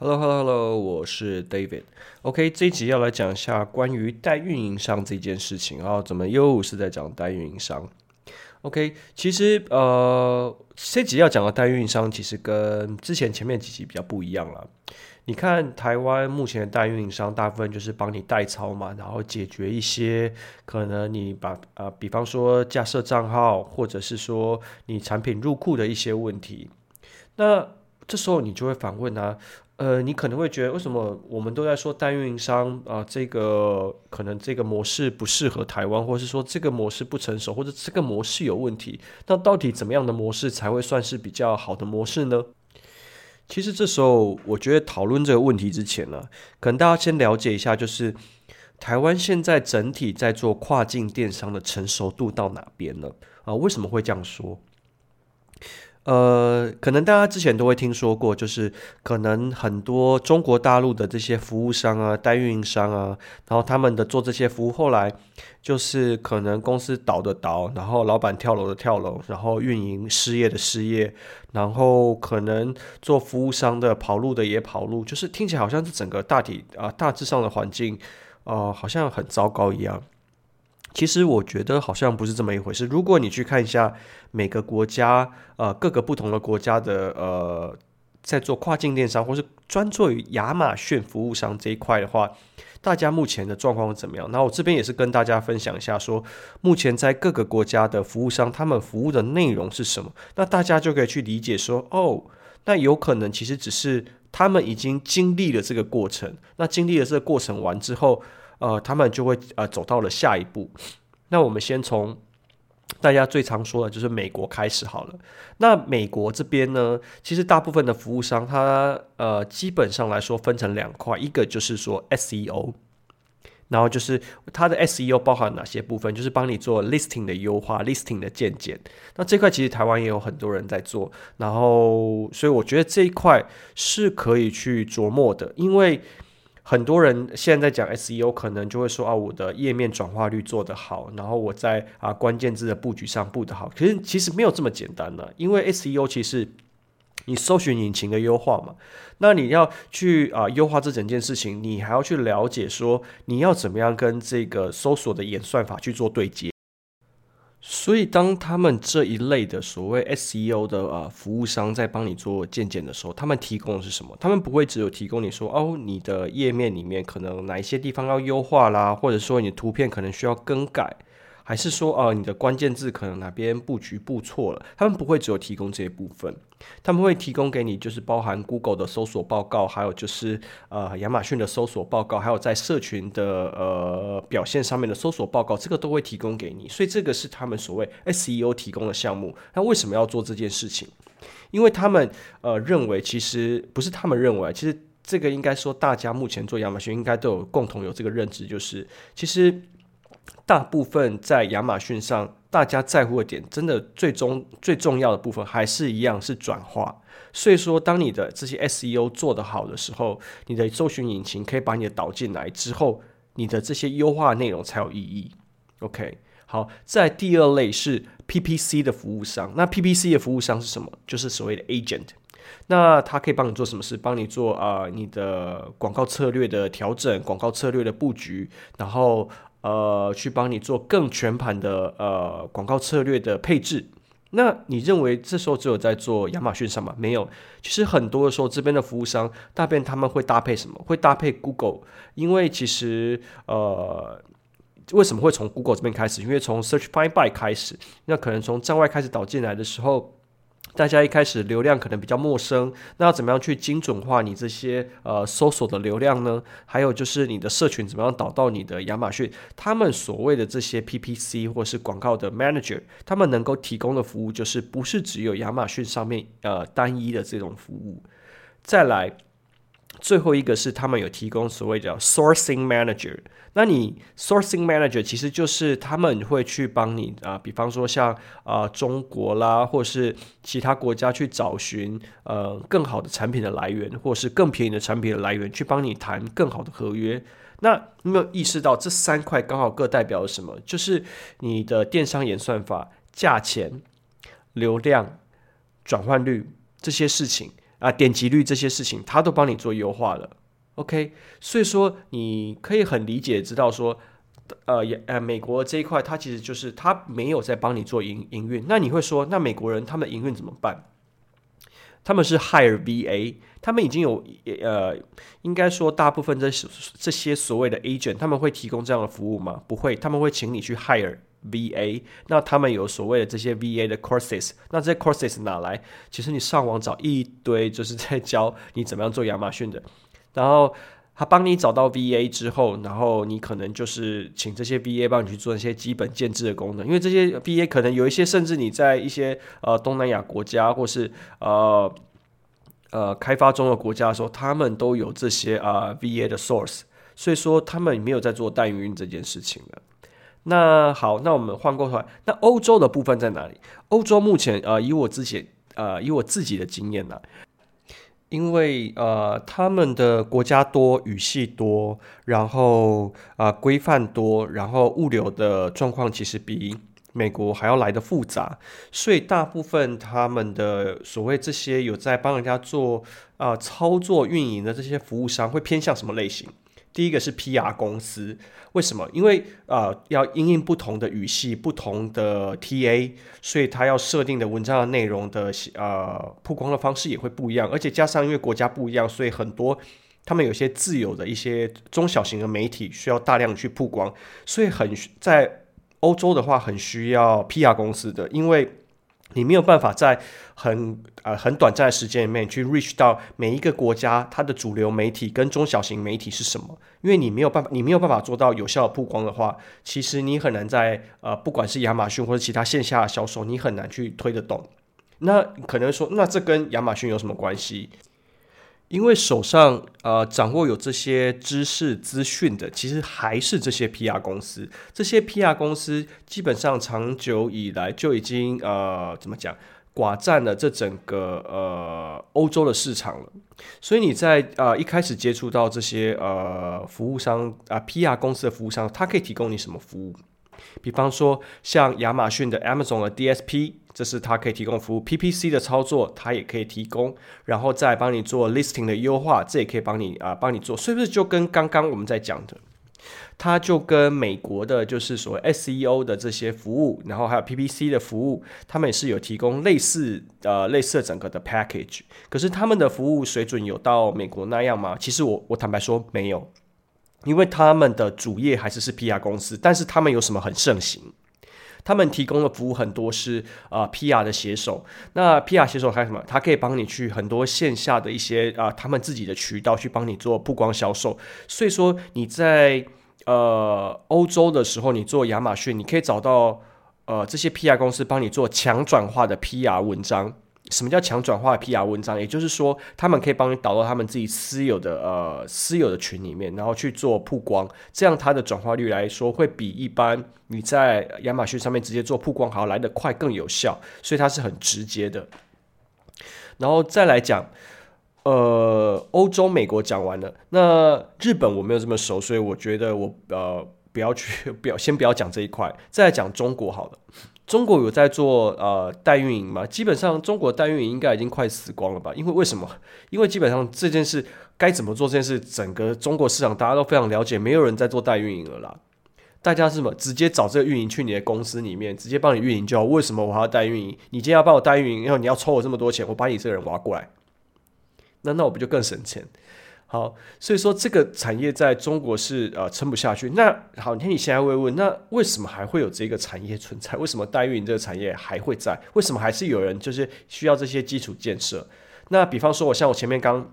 Hello，Hello，Hello，hello, hello, 我是 David。OK，這一集要來講一下關於代運營商這件事情啊，怎麼又是在講代運營商？OK，其實呃，這集要講的代運營商其實跟之前前面幾集比較不一樣了。你看，台灣目前的代運營商大部分就是幫你代操嘛，然後解決一些可能你把啊、呃，比方說架設賬號，或者是說你產品入庫的一些問題。那這時候你就會反問啊。呃，你可能會覺得，為什麼我們都在說代運營商啊、呃？這個可能這個模式不適合台灣，或者是說這個模式不成熟，或者這個模式有問題？那到底怎麼樣的模式才會算是比較好的模式呢？其實這時候，我覺得討論這個問題之前呢、啊，可能大家先了解一下，就是台灣現在整體在做跨境電商的成熟度到哪邊了？啊、呃，為什麼會這樣說？呃，可能大家之前都會聽說過，就是可能很多中國大陸的這些服務商啊、代運營商啊，然後他們的做這些服務，後來就是可能公司倒的倒，然後老闆跳樓的跳樓，然後運營失業的失業，然後可能做服務商的跑路的也跑路，就是聽起來好像是整個大體啊，呃，大致上的環境，呃，好像很糟糕一樣。其實我覺得好像不是這麼一回事。如果你去看一下每個國家，呃，各個不同的國家的，呃，在做跨境電商或是專注於亞馬遜服務商這一塊的話，大家目前的狀況會怎麼樣？那我這邊也是跟大家分享一下說，說目前在各個國家的服務商，他們服務的內容是什麼？那大家就可以去理解說，哦，那有可能其實只是他們已經經歷了這個過程，那經歷了這個過程完之後。呃，他們就會呃走到了下一步。那我們先從大家最常說的就是美國開始好了。那美國這邊呢，其實大部分的服務商它，它呃基本上來說分成兩塊，一個就是說 SEO，然後就是它的 SEO 包含哪些部分，就是幫你做 listing 的優化、嗯、listing 的健檢。那這塊其實台灣也有很多人在做，然後所以我覺得這一塊是可以去琢磨的，因為。很多人現在在講 SEO，可能就會說啊，我的頁面轉化率做得好，然後我在啊關鍵字的布局上布得好，可是其實沒有這麼簡單的，因為 SEO 其實你搜尋引擎的優化嘛，那你要去啊優化這整件事情，你還要去了解說你要怎麼樣跟這個搜索的演算法去做對接。所以，當他們這一類的所謂 SEO 的呃服務商在幫你做建件的時候，他們提供的是什麼？他們不會只有提供你說哦，你的頁面裡面可能哪一些地方要優化啦，或者說你的圖片可能需要更改。還是說，呃，你的關鍵字可能哪邊布局布錯了？他們不會只有提供這一部分，他們會提供給你，就是包含 Google 的搜索報告，還有就是呃亞馬遜的搜索報告，還有在社群的呃表現上面的搜索報告，這個都會提供給你。所以這個是他們所謂 SEO 提供的項目。那為什麼要做這件事情？因為他們呃認為，其實不是他們認為，其實這個應該說大家目前做亞馬遜應該都有共同有這個認知，就是其實。大部分在亞馬遜上，大家在乎的點，真的最終最重要的部分還是一樣是轉化。所以說，當你的這些 SEO 做得好的時候，你的搜尋引擎可以把你的導進來之後，你的這些優化內容才有意義。OK，好，在第二類是 PPC 的服務商。那 PPC 的服務商是什麼？就是所謂的 agent。那他可以幫你做什麼事？幫你做啊、呃，你的廣告策略的調整，廣告策略的布局，然後。呃，去幫你做更全盤的呃廣告策略的配置。那你認為這時候只有在做亞馬遜上嗎？沒有，其實很多的時候，這邊的服務商，大便他們會搭配什麼？會搭配 Google，因為其實呃，為什麼會從 Google 這邊開始？因為從 search find by 開始，那可能從站外開始導進來的時候。大家一開始流量可能比較陌生，那要怎麼樣去精準化你這些呃搜索的流量呢？還有就是你的社群怎麼樣導到你的亞馬遜？他們所謂的這些 PPC 或是廣告的 manager，他們能夠提供的服務就是不是只有亞馬遜上面呃單一的這種服務。再來。最後一個是他們有提供所謂的 Sourcing Manager，那你 Sourcing Manager 其實就是他們會去幫你啊、呃，比方說像啊、呃、中國啦，或是其他國家去找尋呃更好的產品的來源，或是更便宜的產品的來源，去幫你談更好的合約。那你有沒有意識到這三塊剛好各代表了什麼？就是你的電商演算法、價錢、流量、轉換率這些事情。啊，點擊率這些事情，他都幫你做優化了，OK。所以說，你可以很理解，知道說，呃，也呃，美國這一塊，他其實就是他沒有在幫你做營營運。那你會說，那美國人他們的營運怎麼辦？他們是 hire VA，他們已經有呃，應該說大部分這這些所謂的 agent，他們會提供這樣的服務嗎？不會，他們會請你去 hire。VA，那他們有所謂的這些 VA 的 courses，那這些 courses 哪來？其實你上網找一堆，就是在教你怎麼樣做亞馬遜的。然後他幫你找到 VA 之後，然後你可能就是請這些 VA 幫你去做一些基本建制的功能。因為這些 VA 可能有一些，甚至你在一些呃東南亞國家或是呃呃開發中的國家的時候，他們都有這些啊、呃、VA 的 source，所以說他們沒有在做代運營這件事情的。那好，那我們換過頭來。那歐洲的部分在哪裡？歐洲目前呃，以我自己呃，以我自己的經驗呢、啊，因為呃，他們的國家多，語系多，然後啊、呃，規範多，然後物流的狀況其實比美國還要來得複雜，所以大部分他們的所謂這些有在幫人家做啊、呃、操作運營的這些服務商，會偏向什麼類型？第一個是 PR 公司，為什麼？因為啊、呃，要因應不同的語系、不同的 TA，所以他要設定的文章的內容的呃曝光的方式也會不一樣，而且加上因為國家不一樣，所以很多他們有些自有的一些中小型的媒體需要大量去曝光，所以很在歐洲的話很需要 PR 公司的，因為，你沒有辦法在很啊、呃，很短暫的時間裡面去 reach 到每一個國家它的主流媒體跟中小型媒體是什麼，因為你沒有辦法，你沒有辦法做到有效的曝光的話，其實你很難在呃，不管是亞馬遜或者其他線下銷售，你很難去推得動。那可能說，那這跟亞馬遜有什麼關係？因為手上呃掌握有這些知識資訊的，其實還是這些 PR 公司。這些 PR 公司基本上長久以來就已經呃怎麼講，寡占了這整個呃歐洲的市場了。所以你在呃一開始接觸到這些呃服務商啊、呃、PR 公司的服務商，它可以提供你什麼服務？比方說像亞馬遜的 Amazon 的 DSP。這是它可以提供服務，PPC 的操作它也可以提供，然後再幫你做 listing 的優化，這也可以幫你啊、呃，幫你做，所以不是就跟剛剛我們在講的，它就跟美國的就是所謂 SEO 的這些服務，然後還有 PPC 的服務，他們也是有提供類似呃類似整個的 package，可是他們的服務水準有到美國那樣嗎？其實我我坦白說沒有，因為他們的主業還是是 PR 公司，但是他們有什麼很盛行？他們提供的服務很多是啊、呃、PR 的寫手，那 PR 寫手還有什麼？他可以幫你去很多線下的一些啊、呃，他們自己的渠道去幫你做曝光銷售，所以說你在呃歐洲的時候，你做亞馬遜，你可以找到呃這些 PR 公司幫你做強轉化的 PR 文章。什麼叫強轉化的 PR 文章？也就是說，他們可以幫你導到他們自己私有的呃私有的群裡面，然後去做曝光，這樣它的轉化率來說會比一般你在亞馬遜上面直接做曝光好來得快，更有效，所以它是很直接的。然後再來講，呃，歐洲、美國講完了，那日本我沒有這麼熟，所以我覺得我呃不要去不要先不要講這一塊，再來講中國好了。中國有在做呃代運營嗎？基本上中國代運營應該已經快死光了吧？因為為什麼？因為基本上這件事該怎麼做這件事，整個中國市場大家都非常了解，沒有人在做代運營了啦。大家是什麼？直接找這個運營去你的公司裡面，直接幫你運營就好。為什麼我還要代運營？你今天要幫我代運營，然後你要抽我這麼多錢，我把你這個人挖過來，那那我不就更省錢？好，所以說這個產業在中國是呃撐不下去。那好，那你現在會問，那為什麼還會有這個產業存在？為什麼代運營這個產業還會在？為什麼還是有人就是需要這些基礎建設？那比方說，我像我前面剛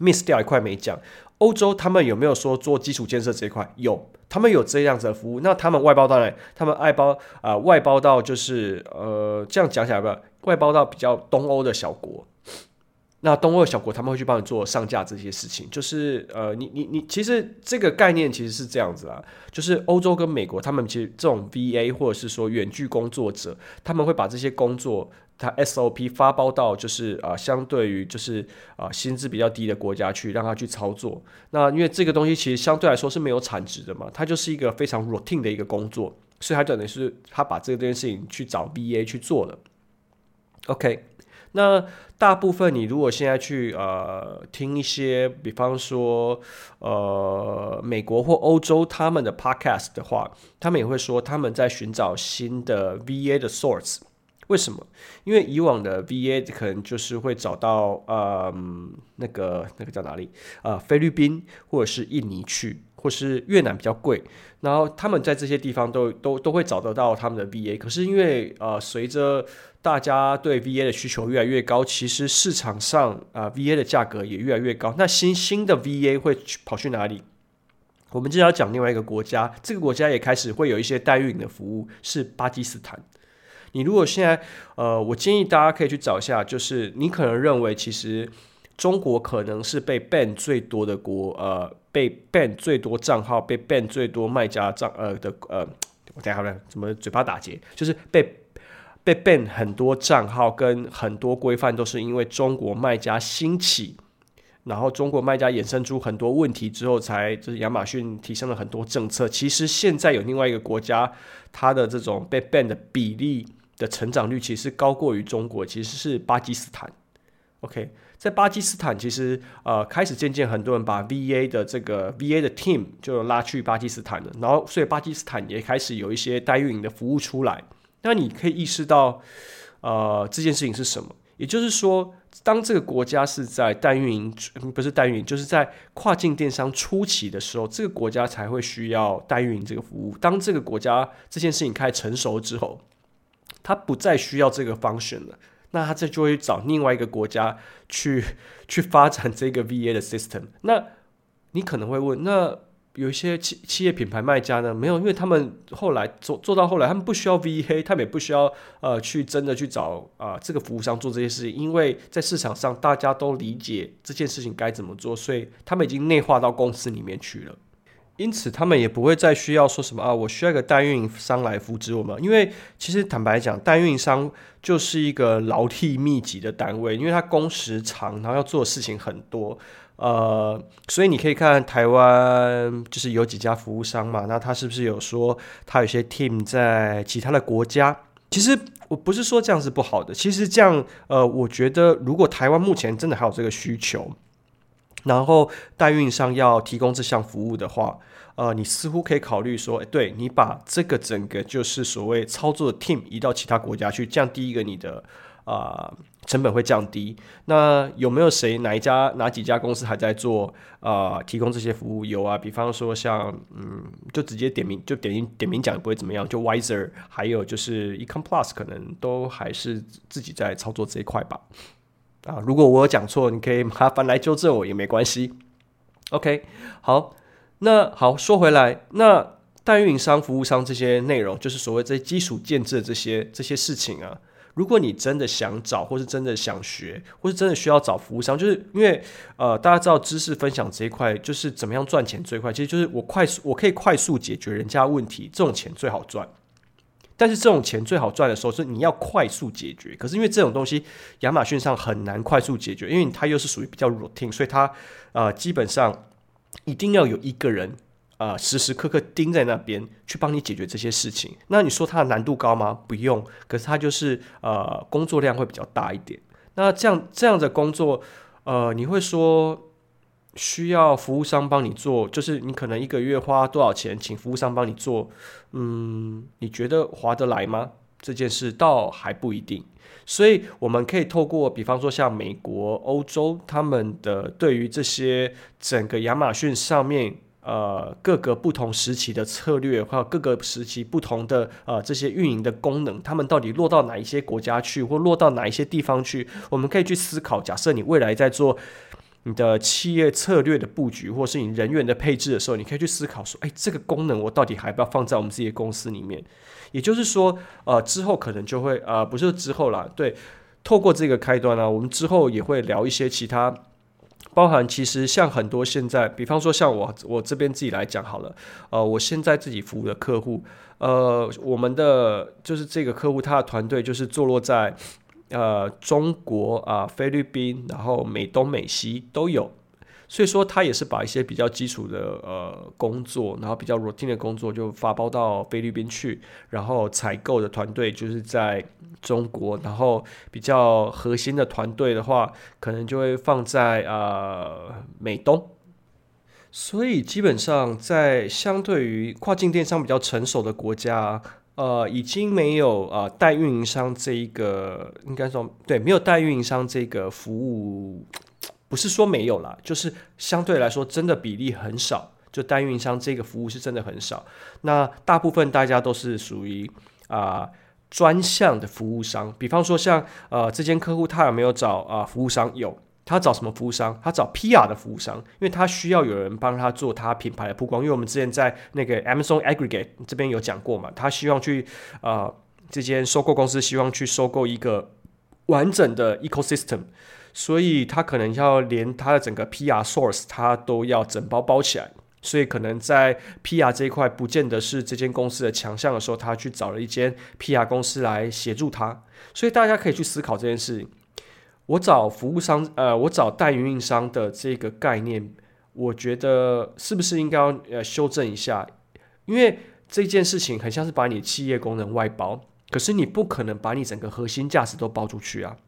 miss 掉一塊沒講，歐洲他們有沒有說做基礎建設這一塊？有，他們有這樣子的服務。那他們外包當然，他們外包啊、呃，外包到就是呃，這樣講起來吧，外包到比較東歐的小國。那東歐小國他們會去幫你做上架這些事情，就是呃，你你你，其實這個概念其實是這樣子啊，就是歐洲跟美國，他們其實這種 VA 或者是說遠距工作者，他們會把這些工作他 SOP 發包到就是啊、呃，相對於就是啊、呃、薪資比較低的國家去讓他去操作。那因為這個東西其實相對來說是沒有產值的嘛，它就是一個非常 routine 的一個工作，所以他等於是他把這件事情去找 VA 去做了。OK，那。大部分你如果現在去呃聽一些，比方說呃美國或歐洲他們的 podcast 的話，他們也會說他們在尋找新的 VA 的 source。為什麼？因為以往的 VA 可能就是會找到呃那個那個叫哪裡啊、呃、菲律賓或者是印尼去，或是越南比較貴，然後他們在這些地方都都都會找得到他們的 VA。可是因為呃隨着大家對 VA 的需求越來越高，其實市場上啊、呃、VA 的價格也越來越高。那新興的 VA 會跑去哪裡？我們就要講另外一個國家，這個國家也開始會有一些代運營的服務，是巴基斯坦。你如果現在呃，我建議大家可以去找一下，就是你可能認為其實中國可能是被 ban 最多的國，呃，被 ban 最多賬號，被 ban 最多賣家賬呃的呃，我待會怎麼嘴巴打結，就是被。被 ban 很多賬號跟很多規範都是因為中國賣家興起，然後中國賣家衍生出很多問題之後才就是亞馬遜提升了很多政策。其實現在有另外一個國家，它的這種被 ban 的比例的成長率其實是高過於中國，其實是巴基斯坦。OK，在巴基斯坦其實呃開始漸漸很多人把 VA 的這個 VA 的 team 就拉去巴基斯坦了，然後所以巴基斯坦也開始有一些代運營的服務出來。那你可以意識到，呃，這件事情是什麼？也就是說，當這個國家是在代運營，不是代運營，就是在跨境電商初期的時候，這個國家才會需要代運營這個服務。當這個國家這件事情開始成熟之後，它不再需要這個 function 了，那它這就會找另外一個國家去去發展這個 VA 的 system。那你可能會問，那？有一些企企業品牌賣家呢，沒有，因為他們後來做做到後來，他們不需要 VA，他們也不需要呃去真的去找啊、呃、這個服務商做這些事情，因為在市場上大家都理解這件事情該怎麼做，所以他們已經內化到公司裡面去了。因此，他們也不會再需要說什麼啊，我需要一個代運營商來扶持我們，因為其實坦白講，代運營商就是一個勞力密集的單位，因為他工時長，然後要做的事情很多。呃，所以你可以看台灣，就是有幾家服務商嘛，那他是不是有說他有些 team 在其他的國家？其實我不是說這樣是不好的，其實這樣，呃，我覺得如果台灣目前真的還有這個需求，然後代運商要提供這項服務的話，呃，你似乎可以考慮說，欸、對，你把這個整個就是所謂操作的 team 移到其他國家去，這樣第一個你的。啊、呃，成本會降低。那有沒有誰，哪一家哪幾家公司還在做啊、呃，提供這些服務？有啊，比方說像嗯，就直接點名就點名點名講也不會怎麼樣。就 Wiser 還有就是 Ecomplus 可能都還是自己在操作這一塊吧。啊、呃，如果我有講錯，你可以麻煩來糾正我也沒關係。OK，好，那好說回來，那代運營商服務商這些內容，就是所謂這些基礎建設這些這些事情啊。如果你真的想找，或是真的想學，或是真的需要找服務商，就是因為，呃，大家知道知識分享這一塊，就是怎麼樣賺錢最快，其實就是我快速，我可以快速解決人家問題，這種錢最好賺。但是這種錢最好賺的時候是你要快速解決，可是因為這種東西亞馬遜上很難快速解決，因為它又是屬於比較 routine，所以它，呃，基本上一定要有一個人。呃，時時刻刻盯在那邊去幫你解決這些事情。那你說它的難度高嗎？不用。可是它就是呃，工作量會比較大一點。那這樣這樣的工作，呃，你會說需要服務商幫你做，就是你可能一個月花多少錢請服務商幫你做。嗯，你覺得划得來嗎？這件事倒還不一定。所以我們可以透過比方說像美國、歐洲，他們的對於這些整個亞馬遜上面。呃，各個不同時期的策略，還有各個時期不同的呃這些運營的功能，他們到底落到哪一些國家去，或落到哪一些地方去？我們可以去思考。假設你未來在做你的企業策略的佈局，或是你人員的配置的時候，你可以去思考說：哎，這個功能我到底還要不要放在我們自己的公司裡面？也就是說，呃，之後可能就會啊、呃，不是之後啦。對，透過這個開端呢、啊，我們之後也會聊一些其他。包含其實像很多現在，比方說像我我這邊自己來講好了，呃，我現在自己服務的客戶，呃，我們的就是這個客戶，他的團隊就是坐落在呃中國啊、呃、菲律賓，然後美東美西都有。所以說，他也是把一些比較基礎的呃工作，然後比較 routine 的工作就發包到菲律賓去，然後採購的團隊就是在中國，然後比較核心的團隊的話，可能就會放在啊、呃、美東。所以基本上，在相對於跨境電商比較成熟的國家，呃，已經沒有啊、呃、代運營商這一個，應該說對，沒有代運營商這個服務。不是說沒有啦，就是相對來說真的比例很少，就單運營商這個服務是真的很少。那大部分大家都是屬於啊、呃、專項的服務商，比方說像呃這間客戶他有沒有找啊、呃、服務商？有，他找什麼服務商？他找 PR 的服務商，因為他需要有人幫他做他品牌的曝光。因為我們之前在那個 Amazon Aggregate 這邊有講過嘛，他希望去啊、呃、這間收購公司希望去收購一個完整的 Ecosystem。所以他可能要連他的整個 PR source，他都要整包包起來。所以可能在 PR 這一塊，不見得是這間公司的強項的時候，他去找了一間 PR 公司來協助他。所以大家可以去思考這件事，我找服務商，呃，我找代運營商的這個概念，我覺得是不是應該要呃修正一下？因為這件事情很像是把你企業功能外包，可是你不可能把你整個核心價值都包出去啊。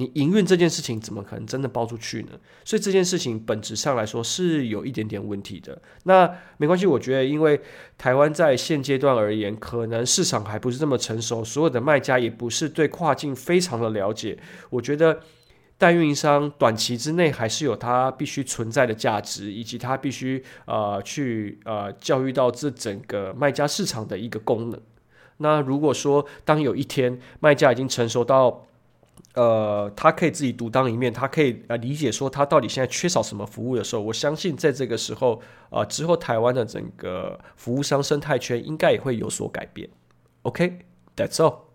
你營運這件事情怎麼可能真的包出去呢？所以這件事情本質上來說是有一點點問題的。那沒關係，我覺得因為台灣在現階段而言，可能市場還不是這麼成熟，所有的賣家也不是對跨境非常的了解。我覺得代運營商短期之內還是有它必須存在的價值，以及它必須啊、呃、去啊、呃、教育到這整個賣家市場的一個功能。那如果說當有一天賣家已經成熟到，呃，他可以自己獨當一面，他可以呃理解說他到底現在缺少什麼服務的時候，我相信在這個時候，呃之後台灣的整個服務商生態圈應該也會有所改變。OK, that's all.